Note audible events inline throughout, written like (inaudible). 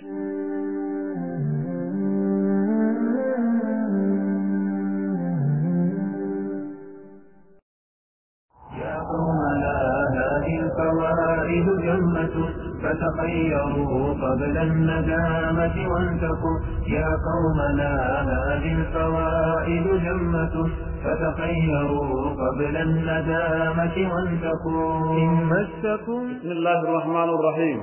الفوائد جمة فتخيروا قبل الندامة وانتقوا يا قومنا هذه الفوائد جمة فتخيروا قبل الندامة وانتقوا إن مسكم بسم الله الرحمن الرحيم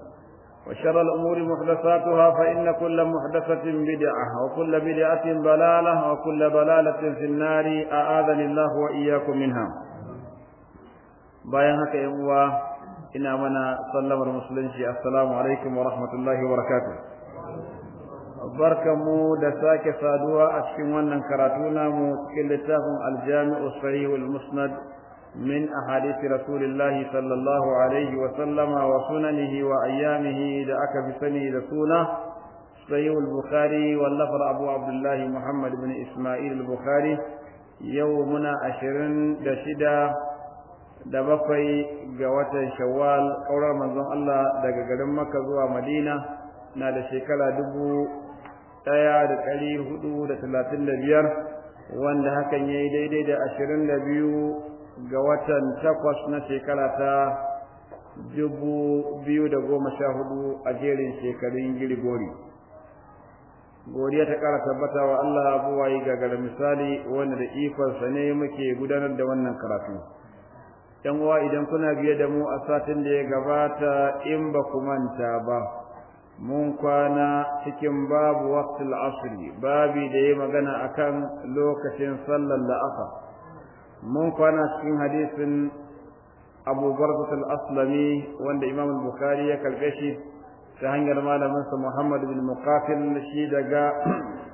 وشر الأمور محدثاتها فإن كل محدثة بدعة وكل بدعة ضلالة وكل ضلالة في النار أعاذني الله وإياكم منها بايعك يا أموة إن أمنا صلى سلم المسلمين السلام عليكم ورحمة الله وبركاته بركة da sake saduwa أشكي cikin wannan karatu namu cikin littafin aljami'u sahihul musnad من أحاديث رسول الله صلى الله عليه وسلم وسننه وأيامه إذا أكى بسنه رسوله صحيح البخاري واللفر أبو عبد الله محمد بن إسماعيل البخاري يومنا عشرين دشدا دبقي قوة شوال أورا منظم الله دقا قدم مكة مدينة نادى شكلا دبو ɗaya da ɗari hudu da talatin da biyar wanda hakan ya yi daidai da ashirin da biyu ga watan takwas na shekara ta dubu biyu da goma sha hudu a jerin shekarun girgori godiya ta kara tabbata wa Allah wayi gagara misali wanda da ikonsa ne muke gudanar da wannan karatu yan uwa idan kuna biye da mu a satin da ya gabata in ba ku manta ba mun kwana cikin babu waqtul asri babi da ya magana akan lokacin sallar la'asa mun kwana cikin hadisin Abu Barzat al-Aslami wanda Imam al-Bukhari ya karbe shi ta hanyar malamin sa Muhammad bin Muqatil shi daga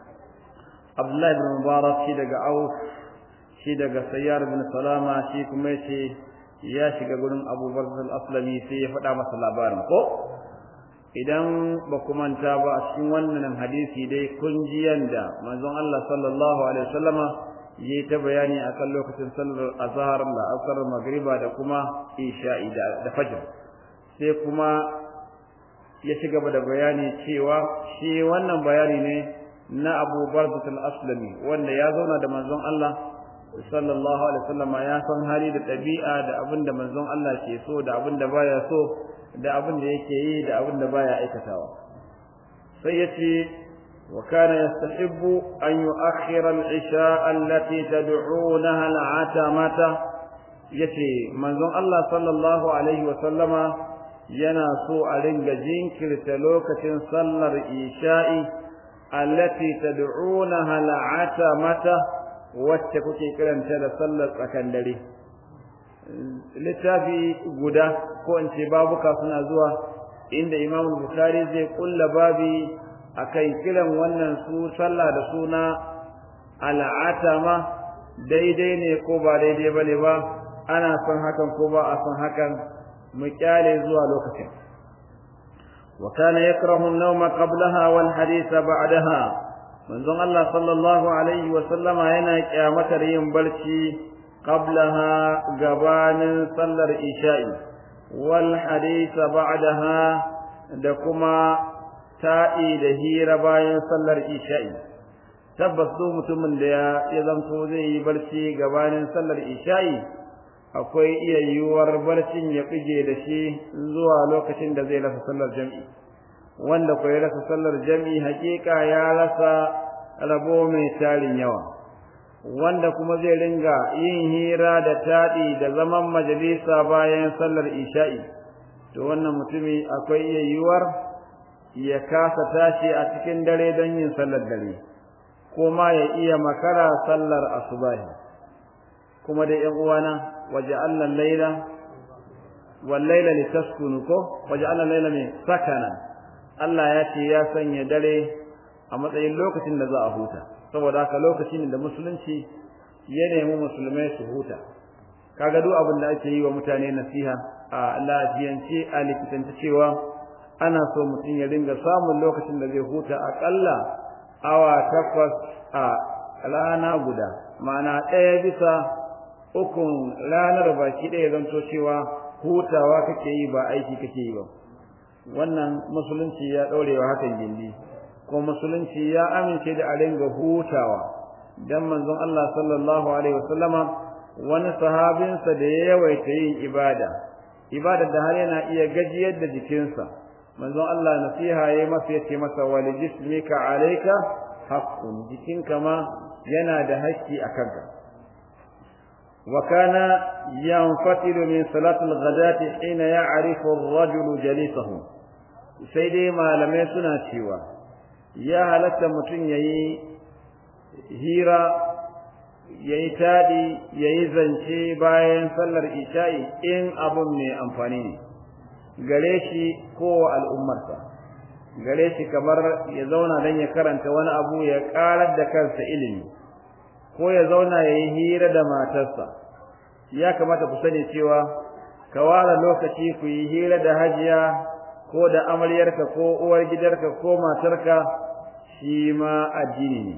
(clears throat) Abdullahi bin Mubarak shi daga Auf shi daga Sayyar bin Salama shi kuma yace ya shiga gurin Abu Barzat al-Aslami sai ya faɗa masa labarin ko idan ba ku manta ba a cikin wannan hadisi dai kun ji yanda manzon Allah sallallahu alaihi wasallama yi ta bayani a kan lokacin sallar da asar magriba da kuma isha'i da fajr sai kuma ya ci gaba da bayani cewa shi wannan bayani ne na Abu Barzat al-Aslami wanda ya zauna da manzon Allah sallallahu alaihi wasallam ya san hali da ɗabi'a da abin da manzon Allah ke so da abin da baya so da abin da yake yi da abin da baya aikatawa sai yace وكان يستحب أن يؤخر العشاء التي تدعونها العتمة يتي منزون الله صلى الله عليه وسلم yana so a ringa jinkirta lokacin sallar isha'i allati tad'unaha al'ata mata wacce kuke karanta da sallar tsakan dare littafi guda ko in ce babuka suna zuwa inda imam bukhari zai kulla babi kai kiran wannan su sallah da suna al'atama daidai ne ko ba daidai bane ba ana san hakan ko ba a san hakan mu kyale zuwa lokacin wa kana yakrahu an-nawma qablaha wal haditha ba'daha manzon Allah sallallahu alaihi wa sallama yana kyamatar yin barci qablaha gabanin sallar isha'i wal haditha ba'daha da kuma ta'i da hira bayan sallar isha'i tabbas duk mutumin da ya zanto zai yi barci gabanin sallar isha'i akwai iya yiwuwar barcin ya kuje da shi zuwa lokacin da zai rasa sallar jam'i wanda ko ya rasa sallar jam'i hakika ya rasa rabo mai tarin yawa wanda kuma zai ringa yin hira da taɗi da zaman majalisa bayan sallar isha'i to wannan mutumi akwai iya yuwar ya kasa tashi a cikin dare don yin sallar dare ma ya iya makara sallar asubahi kuma da ƴan uwana waja'alna allan laila wal laila litaskunu ko waja'alna allan laila mai sakana Allah ya ce ya sanya dare a matsayin lokacin da za a huta saboda haka lokacin da musulunci ya nemi musulmai su huta kaga duk abin da ake yi wa mutane nasiha a lafiyance a likitance cewa ana so mutum ya ringa samun lokacin da zai huta aƙalla awa takwas a rana guda ma'ana ɗaya bisa ukun ranar baki ɗaya zan so cewa hutawa kake yi ba aiki kake yi ba wannan musulunci ya ɗaurewa hakan gindi ko musulunci ya amince da a ringa hutawa dan manzon Allah sallallahu alaihi wasallama wani sahabinsa da ya yawaita yin ibada ibada da har yana iya gajiyar da jikinsa manzon Allah nasiha yayi masa yace masa wal jismika alayka haqqun jikinka ma yana da haƙƙi a kanka wa kana yanfatilu min salati al-ghadati hina ya'rifu ar-rajulu jalisahu sai dai malamai suna cewa ya halatta mutum yayi hira yayi tadi yayi zance bayan sallar isha'i in abun ne amfani ne gare shi ko al'ummarsa gare shi kamar ya zauna dan ya karanta wani abu ya karar da kansa ilimi ko ya zauna yayi hira da matarsa ya kamata ku sani cewa ka ware lokaci ku yi hira da hajiya ko da amaryarka ko uwar gidarka ko matarka shi ma addini ne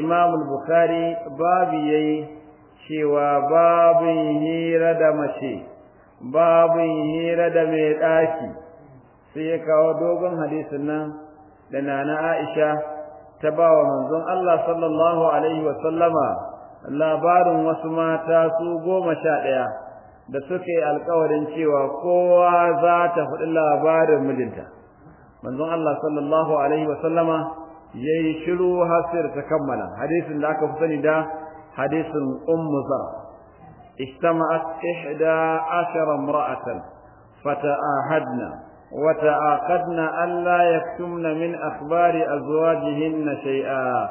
imam bukhari babu yayi cewa babu hira da mace babin hira da mai ɗaki sai ya kawo dogon hadisin nan da nana Aisha ta ba wa manzon Allah sallallahu alaihi wa sallama labarin wasu mata su goma sha ɗaya da suke alƙawarin alkawarin cewa kowa za ta faɗi labarin mijinta manzon Allah sallallahu alaihi wa sallama yayi shiru hasir ta kammala hadisin da aka fi sani da hadisin ummu zar اجتمعت إحدى عشر امرأة فتآهدنا وتآقدنا ألا يكتمن من أخبار أزواجهن شيئا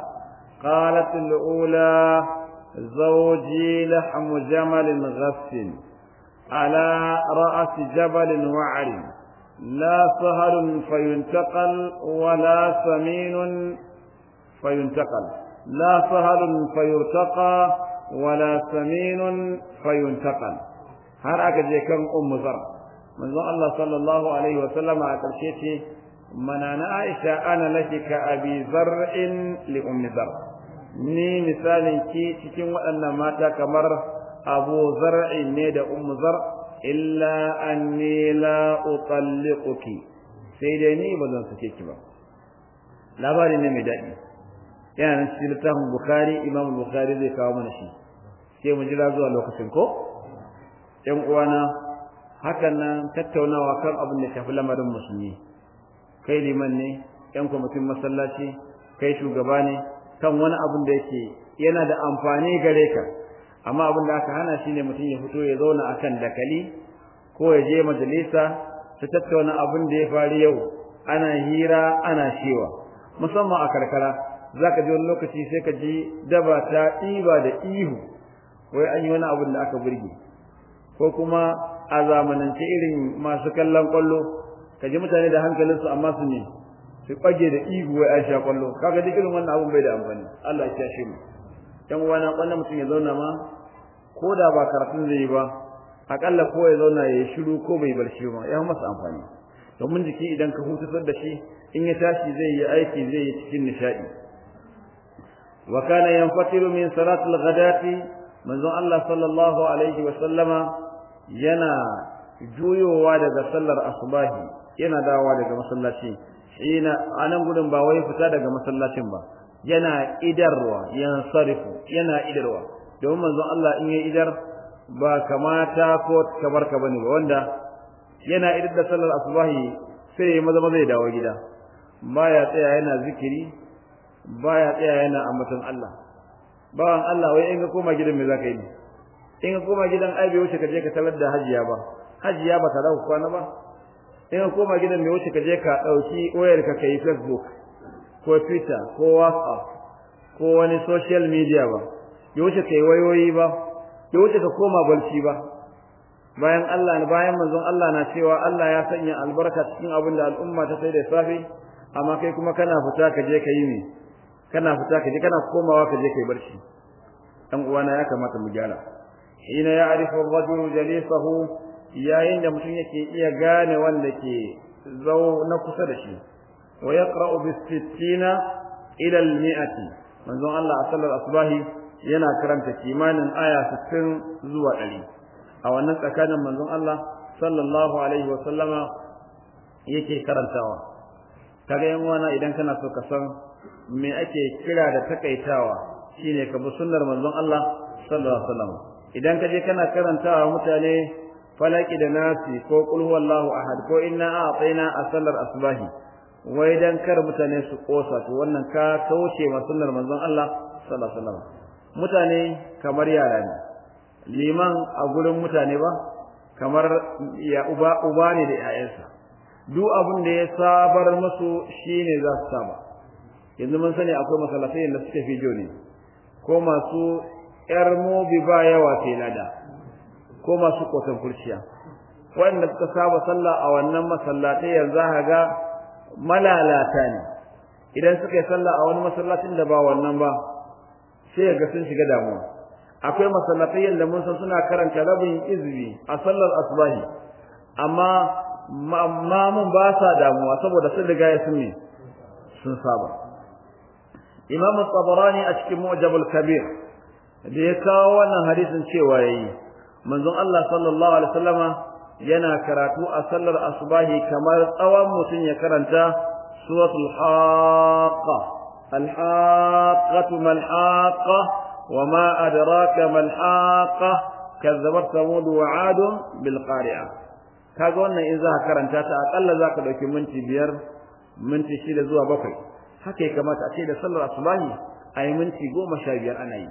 قالت الأولى زوجي لحم جمل غث على رأس جبل وعر لا سهل فينتقل ولا سمين فينتقل لا سهل فيرتقى Wana saminun fayuntaqal har aka je kan ummu zar manzo Allah sallallahu alaihi wa a karshe ce mana na Aisha ana laki ka abi zar'in li ummi ni misalin ki cikin waɗannan mata kamar abu zar'in ne da ummu zar illa anni la utalliquki sai dai ni ba zan ki ba labari ne mai daɗi yana nan Buhari, littafin bukari imam bukari zai kawo mana shi sai mu jira zuwa lokacin ko uwa uwana hakan nan tattaunawa kan abin da tafi lamarin musulmi kai liman ne ɗan kwamitin masallaci kai shugaba ne kan wani abin da yake yana da amfani gare ka amma abin da aka hana shine mutum ya fito ya zauna akan dakali ko ya je majalisa su tattauna abin da ya faru yau ana hira ana shewa musamman a karkara Za ka ji wani lokaci sai ka ji daba ta ɗiba da ihu wai an yi wani abin da aka burge ko kuma a zamanance irin masu kallon kwallo ka ji mutane da hankalinsu amma su ne su kwage da ihu wai a sha kwallo kaga duk irin wannan abin bai da amfani Allah ya shi mu dan wani kwallon mutum ya zauna ma ko da ba karatun zai yi ba akalla ko ya zauna ya yi shiru ko bai bar shi ba ya masa amfani domin jiki idan ka hutar da shi in ya tashi zai yi aiki zai yi cikin nishadi wa kana yanfatiru min salatil ghadati manzon Allah sallallahu alaihi wa sallama yana juyowa daga sallar asubahi yana dawowa daga masallaci ina anan gudun ba wai fita daga masallacin ba yana idarwa sarifu yana idarwa domin manzon Allah in ya idar ba kamata ko kamar ka bane ba wanda yana idar da sallar asubahi sai ya maza maza ya dawo gida baya tsaya yana zikiri baya tsaya yana ambaton Allah bawan Allah wai in ka koma gidan me za ka yi in ka koma gidan ai bai wuce ka je ka talar da hajiya ba hajiya ba ta da kwana ba in ka koma gidan me wuce ka je ka dauki wayar ka kai Facebook ko Twitter ko WhatsApp ko wani social media ba ya wuce kai wayoyi ba ya wuce ka koma balci ba bayan Allah bayan manzon Allah na cewa Allah ya sanya albarka cikin abin da al'umma ta sai da safi amma kai kuma kana fita ka je ka yi ne kana fita kaje kana komawa kaje kai barci dan uwana ya kamata mu gyara Ina ya arifu ar-rajul jalisahu yayin da mutum yake iya gane wanda ke zau na kusa da shi wa yaqra'u bis sittina ila al-mi'ati manzon Allah a sallar asbahi yana karanta kimanin aya 60 zuwa 100 a wannan tsakanin manzon Allah sallallahu alaihi wa sallama yake karantawa kaga yan uwana idan kana so ka san me ake kira da takaitawa shine ka bi sunnar manzon Allah sallallahu alaihi wasallam idan ka je kana karantawa mutane falaki da nasi ko qul huwallahu ahad ko inna a'tayna asallar asbahi wai dan kar mutane su kosa to wannan ka kauce ma sunnar manzon Allah sallallahu alaihi wasallam mutane kamar yara ne liman a gurin mutane ba kamar ya uba uba ne da 'ya'yansa duk abin da ya sabar musu shine za su saba yanzu mun sani akwai masalafai da suke fijo ne ko masu yar mobi ba yawa sai lada ko masu kotan kurciya wanda suka saba sallah a wannan masallatai yanzu haka malalata ne idan suka yi sallah a wani masallacin da ba wannan ba sai ga sun shiga damuwa akwai masallatai da mun san suna karanta rabin izbi a sallar asbahi amma mamun ba sa damuwa saboda sun riga ya sun sun saba imam tabarani a cikin mujabul kabir da ya kawo wannan hadisin cewa yayi manzon Allah sallallahu alaihi wasallama yana karatu a sallar asbahi kamar tsawon mutum ya karanta suratul haqqa al-haqqatu mal haqqa wama adraka mal haqqa kazzabat samud wa 'ad bil qari'ah kaga wannan in za ka karanta ta akalla za ka dauki minti biyar minti shida zuwa bakwai haka ya kamata a ce da sallar asubahi a yi minti goma sha biyar ana yi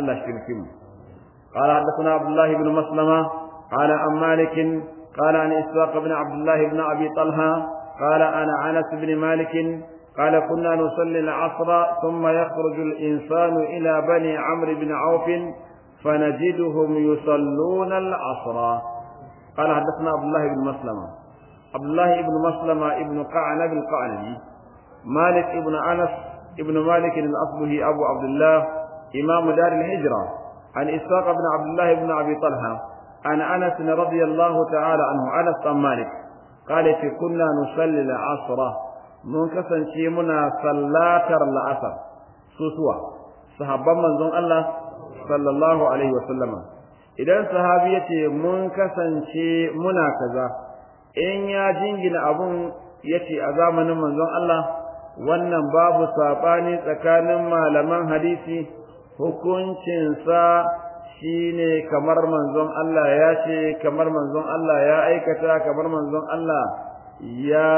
Allah shi rufi mu qala hadathana abdullah ibn maslama qala am malik qala an iswaq ibn abdullah ibn abi talha qala ana anas ibn malik qala kunna nusalli al-asr thumma yakhruj al-insan ila bani amr ibn auf فنجدهم يصلون العصر قال حدثنا عبد الله بن مسلمة عبد الله بن مسلمة ابن قعنب القعنبي مالك ابن أنس ابن مالك الأصبهي أبو عبد الله إمام دار الهجرة عن إسحاق بن عبد الله بن أبي طلحة عن أنس رضي الله تعالى عنه أنس بن مالك قال في كنا نصلي العصر منكسن شيمنا صلاتر العصر سوسوة صحابة من زون الله صلى الله عليه وسلم idan sahabi ya ce mun kasance muna kaza in ya jingina abun ya ce a zamanin manzon Allah wannan babu sabani tsakanin malaman hadisi hukuncin sa shine kamar manzon Allah ya ce kamar manzon Allah ya aikata kamar manzon Allah ya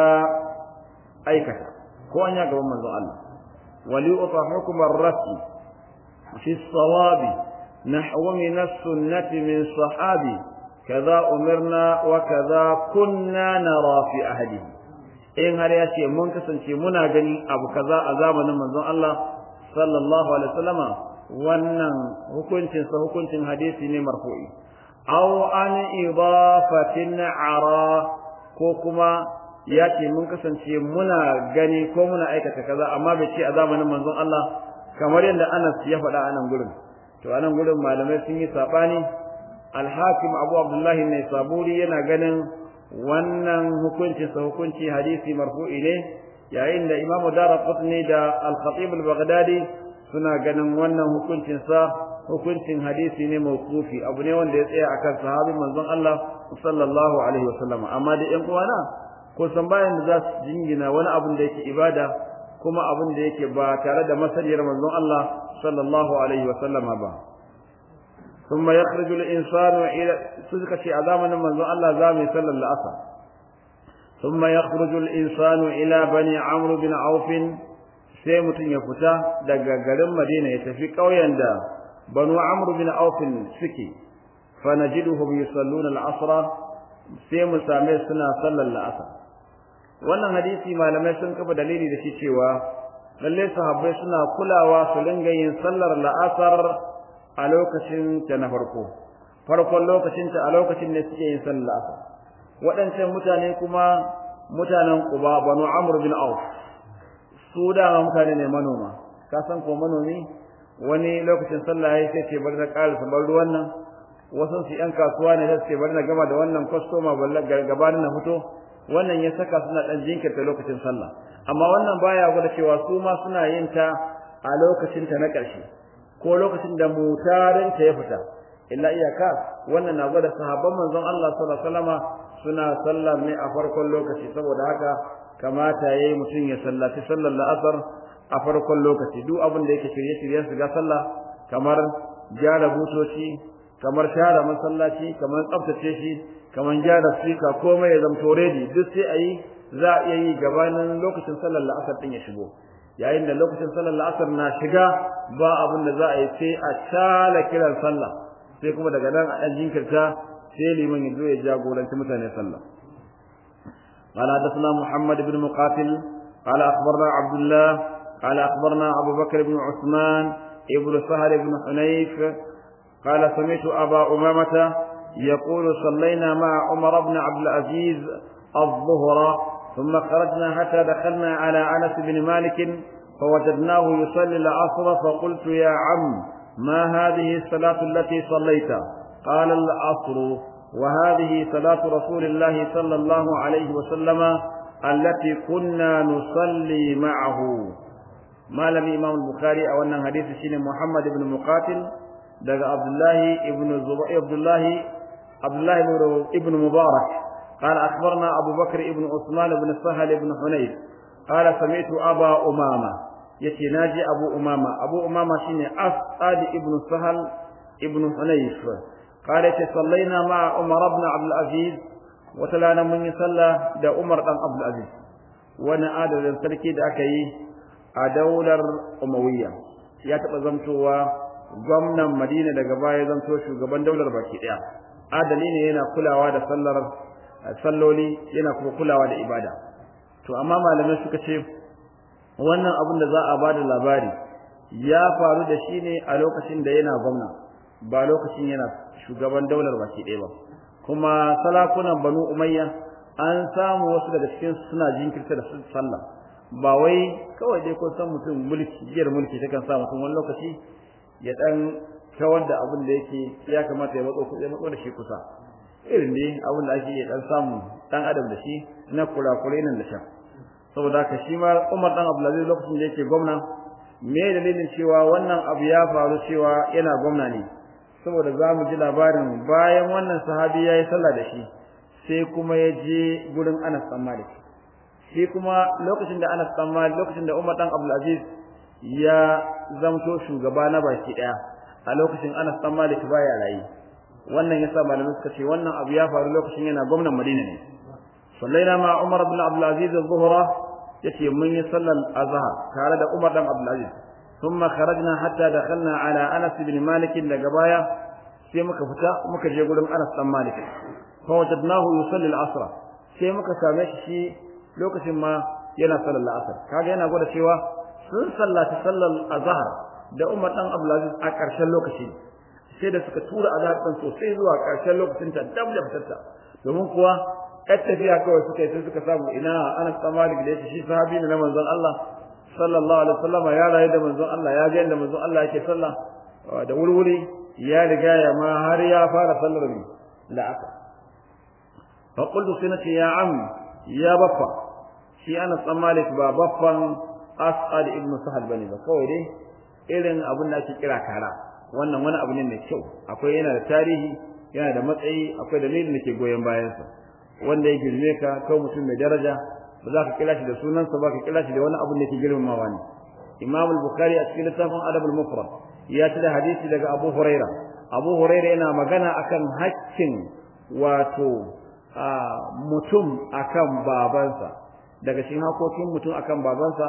aikata ko an ya gaban manzon Allah wali uta hukumar rafi fi sawabi nahwa min as-sunnati min sahabi kaza umirna wa kaza kunna nara fi ahadihi in har ya ce mun kasance muna gani abu kaza a zamanin manzon Allah sallallahu alaihi wasallama wannan hukuncin sa hukuncin hadisi ne marfu'i aw an idafatin ara ko kuma ya ce mun kasance muna gani ko muna aikata kaza amma bai ce a zamanin manzon Allah kamar yadda Anas ya faɗa a nan gurin to a nan gurin malamai sun yi sabani al-hakim Abu Abdullah ne saburi yana ganin wannan hukunci sa hukunci hadisi marfu'i ne yayin da imamu daraqutni da al-khatib al-baghdadi suna ganin wannan hukuncin sa hukuncin hadisi ne mawqufi abu ne wanda ya tsaya akan sahabin manzon Allah sallallahu alaihi wasallam amma da yan uwana ko san bayan da za su jingina wani abu da yake ibada kuma abu da yake ba tare da masaliyar manzon Allah sallallahu alaihi wasallam ba ثم يخرج الإنسان إلى manzun Allah أذامنا من الله زامي صلى الله عليه ثم يخرج الإنسان إلى بني عمرو بن عوف sai mutum ya fita daga garin Madina ya tafi ƙauyen da Banu Amr bin Auf suke fa najiduhum yusalluna al-asr sai mu same suna sallar al wannan hadisi malamai sun kafa dalili da shi cewa lallai sahabbai suna kulawa su ringa yin sallar la'asar. a lokacin ta na farko farkon lokacin ta a lokacin ne suke yin sallah waɗancan mutane kuma mutanen Quba banu Amr bin Auf su da mutane ne manoma ka san ko manomi wani lokacin sallah yake ce bar na ƙara sabar ruwan nan wasu su yan kasuwa ne da suke bar na gama da wannan customer balla gabanin na fito wannan ya saka suna dan jinkirta lokacin sallah amma wannan baya gwada cewa su ma suna yin ta a lokacin ta na ƙarshe ko lokacin da mutarin ta ya fita illa iyaka wannan na gwada sahabban manzon Allah sallallahu alaihi wasallama suna sallah ne a farkon lokaci saboda haka kamata yayi mutum ya sallaci sallar la'asar a farkon lokaci duk abin da yake shirye shiryen su ga sallah kamar gyara butoci kamar share masallaci kamar tsaftace shi kamar gyara sika komai ya zama ready duk sai ayi za a iya yi gabanin lokacin sallar la'asar din ya shigo yayin da lokacin sallar la'asar na shiga ba abin da za a yi sai a tala kiran sallah sai kuma daga nan a ɗan jinkirta sai liman ya zo ya jagoranci mutane sallah قال حدثنا محمد بن مقاتل قال أخبرنا عبد الله قال أخبرنا أبو بكر بن عثمان ابن سهل بن حنيف قال سمعت أبا أمامة يقول صلينا مع عمر بن عبد العزيز الظهر ثم خرجنا حتى دخلنا على أنس بن مالك فوجدناه يصلي العصر فقلت يا عم ما هذه الصلاة التي صليت قال العصر وهذه صلاة رسول الله صلى الله عليه وسلم التي كنا نصلي معه ما لم إمام البخاري أو أن حديث شين محمد بن مقاتل دقى عبد الله بن عبد الله عبد الله بن مبارك قال أخبرنا أبو بكر ابن عثمان بن سهل بن حنيف قال سمعت أبا أمامة يتي ناجي أبو أمامة أبو أمامة شيني أسعد ابن سهل ابن حنيف قال يتي صلينا مع عمر بن عبد العزيز وتلانا من يصلى دا عمر بن عبد العزيز وانا آدر للسلكي دا أكي أدولر أموية يتبقى زمتوا gwamnan Madina daga baya zanto shugaban daular baki daya adali ne yana kulawa da sallar salloli yana kuma kulawa da ibada to amma malamai suka ce wannan abin da za a bada labari ya faru da shi ne a lokacin da yana gwamna ba lokacin yana shugaban daular baki ɗaya ba kuma salakunan banu umayya an samu wasu daga cikin suna jinkirta da sallah ba wai kawai dai ko san mutum mulki jiyar mulki ta kan sa mutum wani lokaci ya dan kawar da abin da yake ya kamata ya matso ya matso da shi kusa irin ne abin da ake dan samu dan adam da shi na kurakurai nan da shan saboda haka shi ma Umar dan Abdulaziz lokacin da yake gwamna me dalilin cewa wannan abu ya faru cewa yana gwamna ne saboda za mu ji labarin bayan wannan sahabi ya yi sallah da shi sai kuma ya je gurin Anas dan Malik sai kuma lokacin da Anas dan Malik lokacin da Umar dan Abdulaziz ya zamto shugaba na baki daya a lokacin Anas dan Malik baya rayi wannan yasa malamin suka ce wannan abu ya faru lokacin yana gwamnan Madina ne sallaina ma Umar ibn Abdul Aziz az-Zuhra yace mun yi sallar azhar tare da Umar dan Abdul Aziz thumma kharajna hatta dakhalna ala Anas ibn Malik daga baya sai muka fita muka je gurin Anas dan Malik fa wajadnahu yusalli al-asr sai muka same shi lokacin ma yana sallar asr kaga yana gwada cewa sun sallata sallar azhar da Umar dan Abdul Aziz a ƙarshen lokaci sai da suka tura azabin sosai zuwa karshen lokacin ta dabda da fitarta domin kuwa kar tafiya kawai suka yi sai suka samu ina ana tsama da gidaje shi sahabi ne na manzon Allah sallallahu alaihi wasallam ya rayu da manzon Allah ya ga yadda manzon Allah yake sallah da wurwuri ya riga ya ma har ya fara sallar ne aka fa qultu sinati ya am ya baffa shi ana tsama da ba baffan As'ad ibn Sahal bane ba kawai dai irin abin da ake kira kara wannan wani abu ne mai kyau akwai yana da tarihi yana da matsayi akwai dalilin da ke goyon bayansa wanda ya girme ka kai mutum mai daraja ba za ka kira shi da sunansa ba ka kira shi da wani abu da ke girmamawa ne imam al-bukhari a cikin littafin adab al-mufrad ya ci da hadisi daga abu huraira abu huraira yana magana akan haƙƙin wato mutum akan babansa daga cikin hakokin mutum akan babansa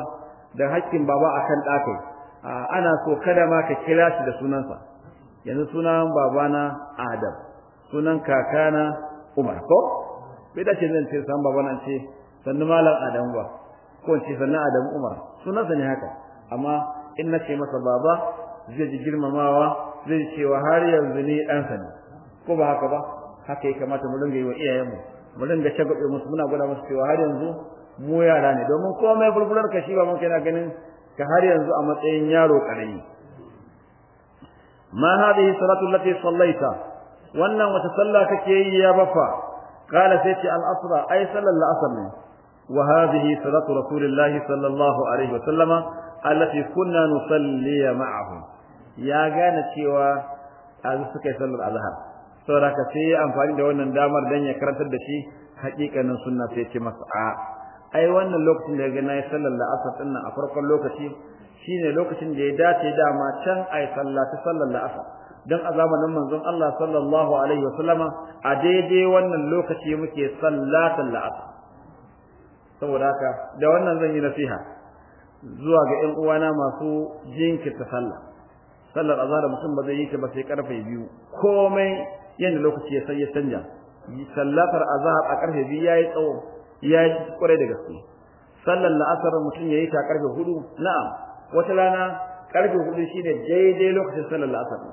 da haƙƙin baba akan ɗakai ana so kada ma ka kira shi da sunansa yanzu sunan babana Adam sunan kakana Umar ko bai da ce zan ce san babana ce sannu malam Adam ba ko ce sannu Adam Umar sunansa ne haka amma in na ce masa baba zai ji girmamawa zai cewa har yanzu ni ɗansa ne ko ba haka ba haka ya kamata mu dinga yi wa iyayenmu mu dinga shagabe musu muna gwada musu cewa har yanzu mu yara ne domin komai bulbular ka shi ba mun kai na ganin ka har yanzu a matsayin yaro karami ma hadhihi salatu allati sallaita wannan wata salla kake yi ya bafa Kala sai ce al asra ay sallal asr ne wa hadhihi salatu rasulillahi sallallahu alaihi wa sallama allati kunna nusalli ma'ahu ya gane cewa azu suka yi sallar azhar saboda ka sai amfani da wannan damar dan ya karantar da shi hakikanin sunna sai ce masa ai wannan lokacin da ga nayi sallar la'asar din nan a farkon lokaci shine lokacin da ya dace dama can ai sallati sallar la'asar dan zamanin manzon Allah sallallahu alaihi wasallama a daidai wannan lokaci muke sallatul la'asar saboda haka da wannan zan yi nasiha zuwa ga ƴan uwana masu jinkirta sallah sallar azhar mutum ba zai yi ta ba sai karfe biyu komai yanda lokaci ya sai ya canja sallatar azhar a karfe biyu yayi tsawo ya ji kwarai da gaske sallar la'asar mutum yayi ta karfe hudu na'am wata rana karfe hudu shine daidai lokacin sallar la'asar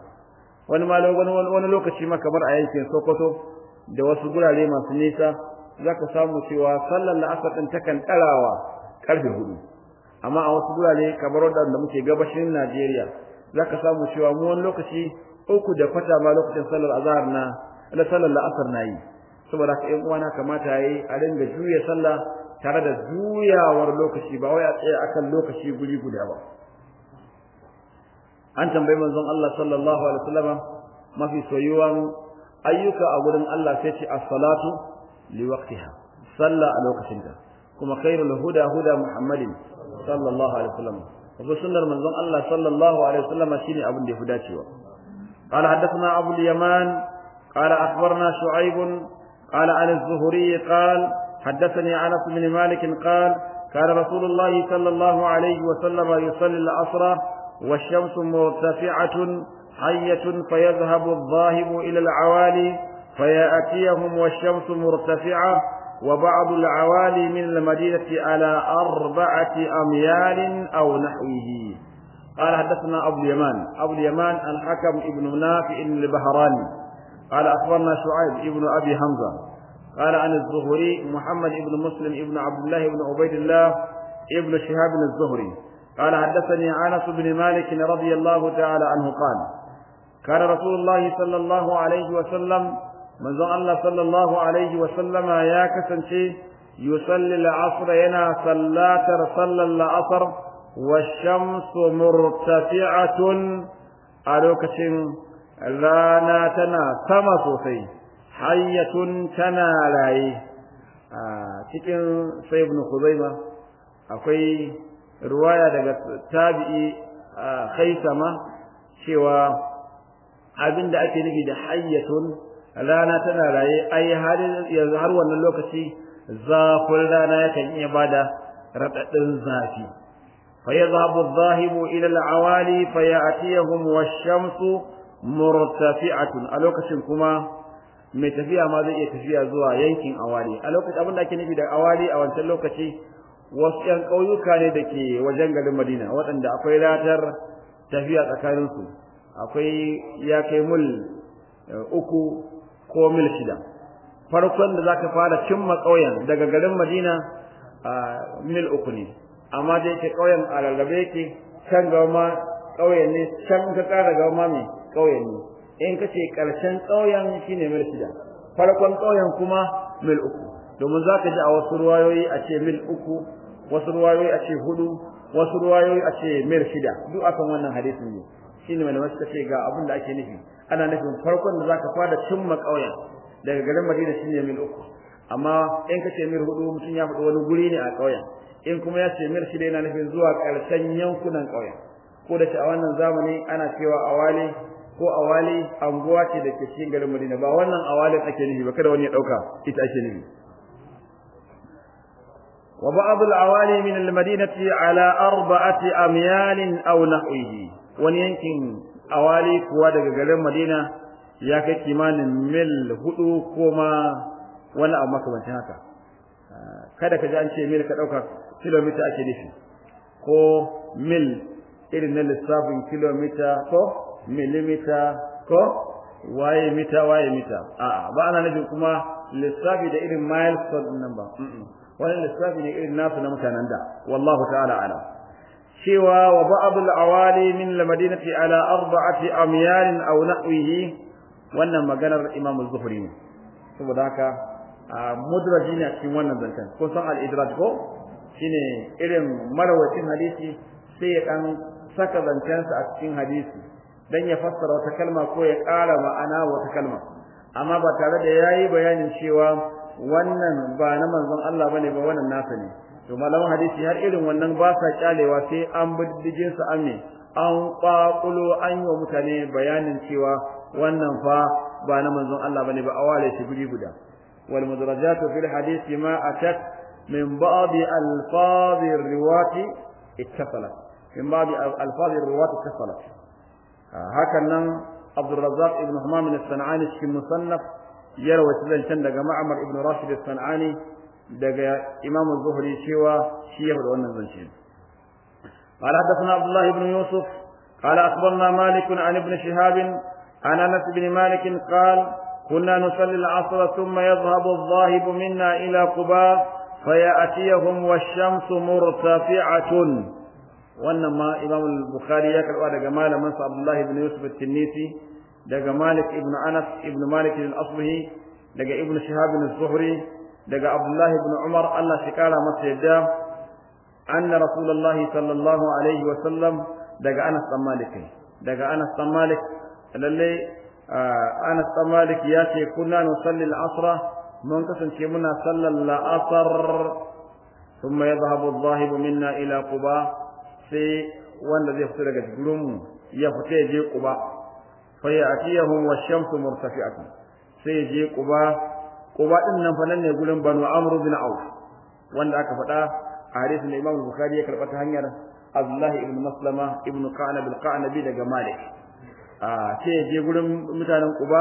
wani ma wani lokaci ma kamar a yankin Sokoto da wasu gurare masu nisa zaka samu cewa sallar la'asar ta kan ɗarawa karfe hudu amma a wasu gurare kamar wanda muke gabashin Najeriya zaka samu cewa mu wani lokaci uku da kwata ma lokacin sallar azhar na da sallar la'asar nayi saboda ka ƴan uwana kamata yayi a dinga juya sallah tare da juyawar lokaci ba wai a tsaya akan lokaci guri guda ba an tambayi manzon Allah sallallahu alaihi wasallam mafi soyuwan ayyuka a gurin Allah sai ce as-salatu li waqtiha salla a lokacinta kuma khairul huda huda muhammadin sallallahu alaihi wasallam wato sunnar manzon Allah sallallahu alaihi wasallam shine abin da ya fi dacewa قال حدثنا أبو اليمان قال أخبرنا شعيب قال عن الزهري قال حدثني انس بن مالك قال كان رسول الله صلى الله عليه وسلم يصلي العصر والشمس مرتفعة حية فيذهب الظاهب إلى العوالي فيأتيهم والشمس مرتفعة وبعض العوالي من المدينة على أربعة أميال أو نحوه قال حدثنا أبو اليمان أبو اليمان الحكم ابن نافع البهراني قال أخبرنا شعيب ابن أبي حمزة قال عن الزهري محمد بن مسلم بن عبد الله بن عبيد الله ابن شهاب الزهري قال حدثني انس بن مالك رضي الله تعالى عنه قال كان رسول الله صلى الله عليه وسلم من الله صلى الله عليه وسلم يا كسنشي يصلي العصر ينا صلاة صلى العصر والشمس مرتفعة أروكشن rana tana sama sosai hayyatun tana raye a cikin sai ibn khuzaima akwai riwaya daga tabi'i khaisama cewa abinda ake nufi da hayyatun rana tana raye ai har yanzu har wannan lokaci zafin rana yakan iya bada radadin zafi fa yadhabu adh-dhahibu ila al-awali fa ya'tiyahum wash-shamsu murtafi'atun a lokacin kuma mai tafiya ma zai iya tafiya zuwa yankin awali a lokacin abin da ake nufi da awali a wancan lokaci wasu 'yan ƙauyuka ne da ke wajen garin Madina waɗanda akwai ratar tafiya tsakaninsu akwai ya kai mul eh, uku ko mil shida farkon da za ka fara cimma ƙauyen daga garin Madina a mil uku ne amma da ke ƙauyen a rarrabe yake can gama ƙauyen ne can ka ƙara gama mai ƙauyen ne in ka ce ƙarshen ƙauyen shine mil farkon ƙauyen kuma mil uku domin za ka ji a wasu ruwayoyi a ce mil uku wasu ruwayoyi a ce hudu wasu ruwayoyi a ce mil shida duk akan wannan hadisin ne shine malamai suka ce ga abin da ake nufi ana nufin farkon da ka fara cimma ƙauyen daga garin Madina shine mil uku amma in ka ce mil hudu mutum ya fada wani guri ne a ƙauyen in kuma ya ce mil shida yana nufin zuwa ƙarshen yankunan ƙauyen ko da a wannan zamani ana cewa awali ko awali anguwa ce da ke cikin garin Madina ba wannan awali ake nufi ba kada wani ya dauka ita ake nufi wa ba'd al-awali min al-madinati ala arba'ati amyal aw nahwihi wani yankin awali kuwa daga garin Madina ya kai kimanin mil hudu ko ma wani abu makamancin haka kada ka ji an ce mil ka dauka kilomita ake nufi ko mil irin na lissafin kilomita ko milimita ko waye mita waye mita a'a ba ana nufin kuma lissafi da irin miles per number wani lissafi ne irin nasu na mutanen da wallahu ta'ala ala cewa wa ba'd al-awali min al-madinati ala arba'ati amyal aw nahwihi wannan maganar imam az-zuhri ne saboda haka mudraji ne a cikin wannan zancen ko san al-idraj ko shine irin marawacin hadisi sai ya dan saka zancensa a cikin hadisi dan ya fassara wata kalma ko ya kara ma'ana wata kalma amma ba tare da yayi bayanin cewa wannan ba na manzon Allah bane ba wannan nasa ne to malaman hadisi har irin wannan ba sa kyalewa sai an biddigin su amme an kwakulo an yi wa mutane bayanin cewa wannan fa ba na manzon Allah bane ba awale shi guri guda wal mudrajatu fil hadisi ma atat min ba'd alfaz riwati ittasalat min ba'd alfaz riwati ittasalat هكذا عبد الرزاق ابن همام الصنعاني في المصنف يروي سيدنا كان معمر ابن راشد الصنعاني دغ امام الظهري شيوا شيخ الوان الزنشين قال حدثنا عبد الله بن يوسف قال اخبرنا مالك عن ابن شهاب عن انس بن مالك قال كنا نصلي العصر ثم يذهب الظاهب منا الى قباء فياتيهم والشمس مرتفعه wannan ma Imam al-Bukhari ya karba daga malamin sa Abdullah ibn Yusuf at-Tinnisi daga Malik ibn Anas ibn Malik al-Asbahi daga Ibn Shihab az-Zuhri daga Abdullah ibn Umar Allah shi kara masa yadda anna Rasulullah sallallahu alaihi wa sallam daga Anas bin Malik daga Anas bin Malik lalle Anas bin Malik ya ce kunna nusalli al-asra mun kasance muna sallar la'asar ثم يذهب الظاهر minna ila قباء sai wanda zai fito daga gurinmu ya fita ya je quba fa ya ya'tiyahu wa shamsu murtafi'atun sai ya je quba quba din nan fa nan ne gurin banu amru bin auf wanda aka faɗa a hadisin imam bukhari ya karbata ta hanyar abdullahi ibn maslama ibn qanab al daga malik a sai ya je gurin mutanen quba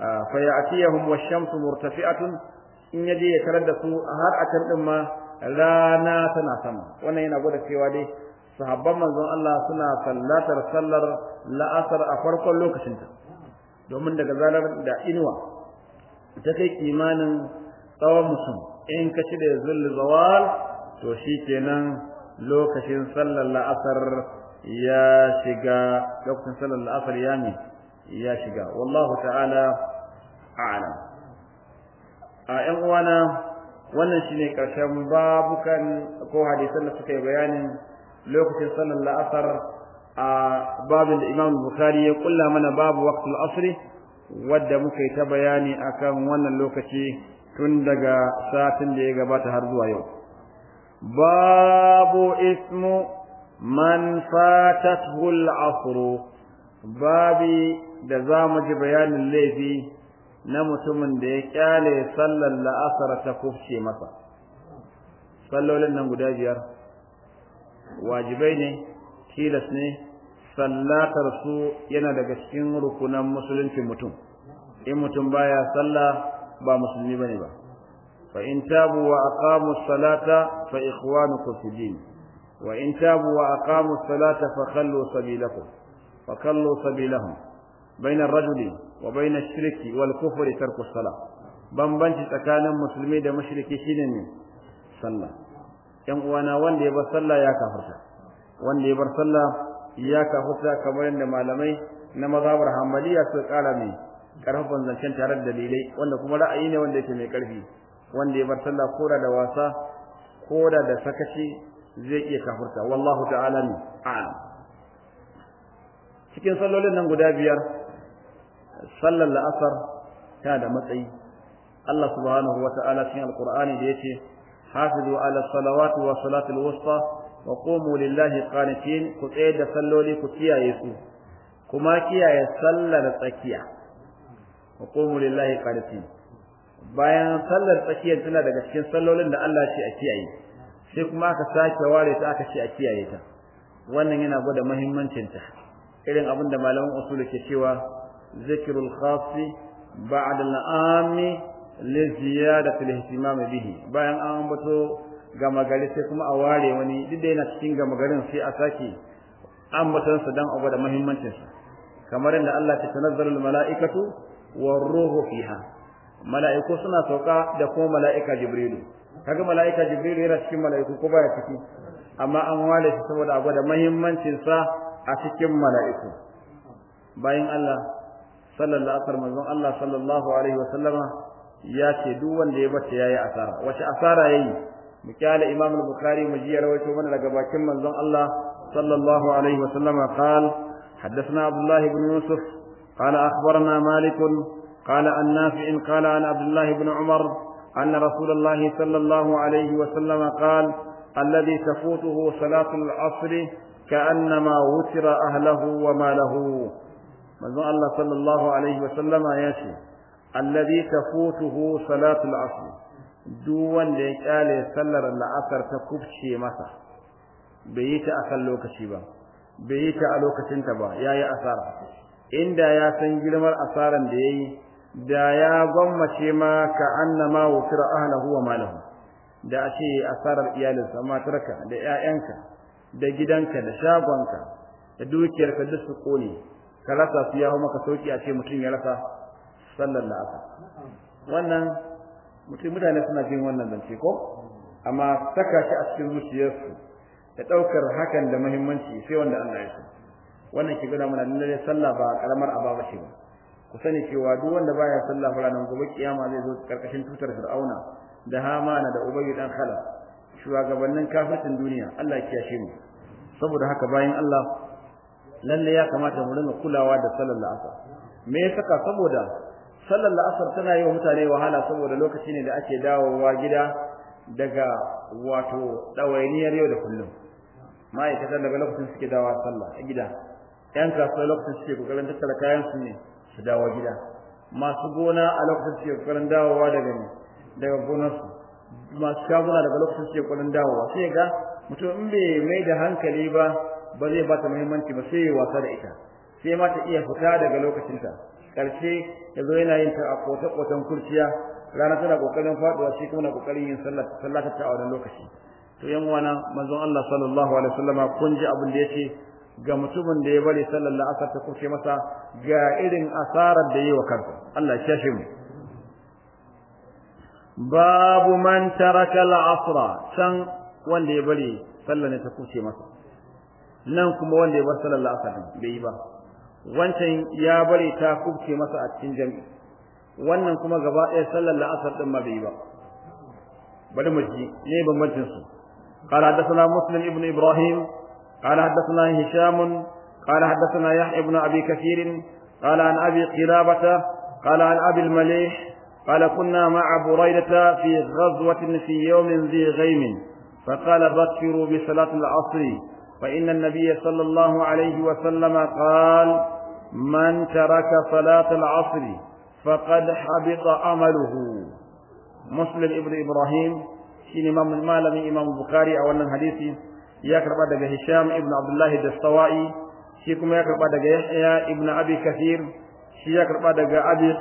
fa ya ya'tiyahum wa shamsu murtafi'atun in yaje ya karar da su har a can din ma rana tana sama wannan yana gwada cewa dai sahabban manzon Allah suna sallatar sallar la'asar a farkon lokacin ta, domin daga zarar da inuwa ta kai imanin tsawon mutum in ka ci da zul zawal to shikenan lokacin sallar la'asar ya shiga lokacin sallar la'asar ya ne ya shiga wallahu ta'ala a'lam a ƴan uwana wannan shine karshen babukan ko hadisan da suka yi bayanin lokacin sallar la'asar a babin da imam ya kulla mana babu waqtul asr wadda muka yi ta bayani akan wannan lokaci tun daga satin da ya gabata har zuwa yau babu ismu man fatathu al-asr babi da zamu ji bayanin laifi na mutumin da ya kyale sallar la'asar ta kufce masa sallolin nan guda biyar wajibai ne tilas ne sallatar su yana daga cikin rukunan musulunci mutum in mutum baya sallah ba musulmi bane ba fa in tabu wa aqamu salata fa ikhwanukum fi din wa in tabu wa aqamu salata fa khallu sabilakum fa khallu sabilahum bayna ar-rajuli wa bayna ash-shirki wal kufri tarku as-salah bambanci tsakanin musulmi da mushriki shine ne sallah yan uwana wanda ya bar sallah ya kafirta wanda ya bar sallah ya kafirta kamar yadda malamai na mazhabar hanbaliya suka kara mai karfin zancen tare da dalilai wanda kuma ra'ayi ne wanda yake mai karfi wanda ya bar sallah ko da wasa ko da sakaci zai iya kafirta wallahu ta'ala ni a'lam cikin sallolin nan guda biyar sallar la'asar tana da matsayi Allah subhanahu wa ta'ala cikin alqur'ani da yake hafizu على الصلوات والصلاة الوسطى وقوموا لله قانتين lillahi صلوا ku tsaye da salloli ku kiyaye su kuma kiyaye sallar tsakiya lillahi bayan sallar tsakiyar tana daga cikin sallolin da Allah shi a kiyaye sai kuma aka sake ware ta aka ce a kiyaye ta wannan yana gwada muhimmancin ta irin abin da malaman usul ke cewa zikrul khasi ba'da al liziyadatul ihtimam bihi bayan an ambato gama gari sai kuma a ware wani duk yana cikin gama garin sai a sake ambatan sa dan abu da muhimmancin sa kamar inda Allah ta tanazzalul malaikatu war ruhu fiha malaiku suna sauka da ko malaika jibrilu kaga malaika jibrilu yana cikin malaiku ko baya ciki amma an ware shi saboda abu da muhimmancin sa a cikin malaiku bayan Allah sallallahu alaihi wasallam ya ce duk wanda ya bata yayi asara wace asara yayi mu kyale imam al-bukhari mu ji rawaito mana daga bakin manzon Allah sallallahu alaihi wa sallam qal حدثنا عبد الله بن يوسف قال أخبرنا مالك قال عن نافع قال عن عبد الله بن عمر أن رسول الله صلى الله عليه وسلم قال الذي تفوته صلاة العصر كأنما وتر أهله وماله manzon Allah sallallahu alaihi wasallama ya ce alladhi tafutuhu salatul asr duk wanda ya kyale sallar la'asar ta kubce masa bai yi ta akan lokaci ba bai yi ta a lokacin ta ba yayi asara inda ya san girmar asaran da yayi da ya gwammace ma ka annama wutira ahlahu wa malahu da a asarar iyalinsa matarka da 'ya'yanka da gidanka da shagonka da dukiyarka duk su kone ka rasa su maka sauki a ce mutum ya rasa sallar la'asa. wannan mutum mutane suna jin wannan zance ko amma saka shi a cikin zuciyarsu da daukar hakan da muhimmanci sai wanda Allah ya so wannan ke gina mana lalle sallah ba karamar ababa ce ba ku sani cewa duk wanda baya sallah ranar gobe kiyama zai zo karkashin tutar fir'auna da hamana da ubayy dan halar, shugabannin kafircin duniya Allah ya kiyashe mu saboda haka bayan Allah lalle ya kamata mu rinka kulawa da sallar la'asa. me ya saka saboda sallar la'asar tana yi wa mutane wahala saboda lokaci ne da ake dawowa gida daga wato ɗawainiyar yau da kullum ma'aikatan daga lokacin suke dawowa sallah a gida yan kasuwa lokacin suke kokarin tattara kayan su ne su dawo gida masu gona a lokacin suke kokarin dawowa daga ne daga gonarsu masu shaguna daga lokacin suke kokarin dawowa sai ga mutum in bai mai da hankali ba ba zai ba ta muhimmanci ba sai ya wasa da ita sai ma ta iya fita daga lokacinta karshe ya zo yana yin ta a kwatan kurciya rana tana kokarin faduwa shi kuma na kokarin yin sallah sallah ta a wannan lokaci to yan wana manzon Allah sallallahu alaihi wasallam kun ji abin da yake ga mutumin da ya bari sallar la'asar ta kurce masa ga irin asarar da yi wa kansa Allah ya kashe mu babu man taraka al-asra san wanda ya bari sallar ne ta kurce masa nan kuma wanda ya bar sallar la'asar bai yi ba wancan ya bare ta kubce masa a cikin jami'i wannan kuma gaba ɗaya sallar la'asar din ma bai ba bari mu ji ne bambancin su قال حدثنا مسلم ابن ابراهيم قال حدثنا هشام قال حدثنا يحيى بن ابي كثير قال عن ابي قلابه قال عن ابي المليح قال كنا مع بريدة في غزوة في يوم ذي غيم فقال بكروا بصلاة العصر فإن النبي صلى الله عليه وسلم قال من ترك صلاة العصر فقد حبط عمله مسلم ابن إبراهيم شين إمام المالم إمام البخاري أولا حديثي يكرب دقى هشام ابن عبد الله الدستوائي شيكم يكرب دقى يحيى ابن أبي كثير شي يكرب دقى أبي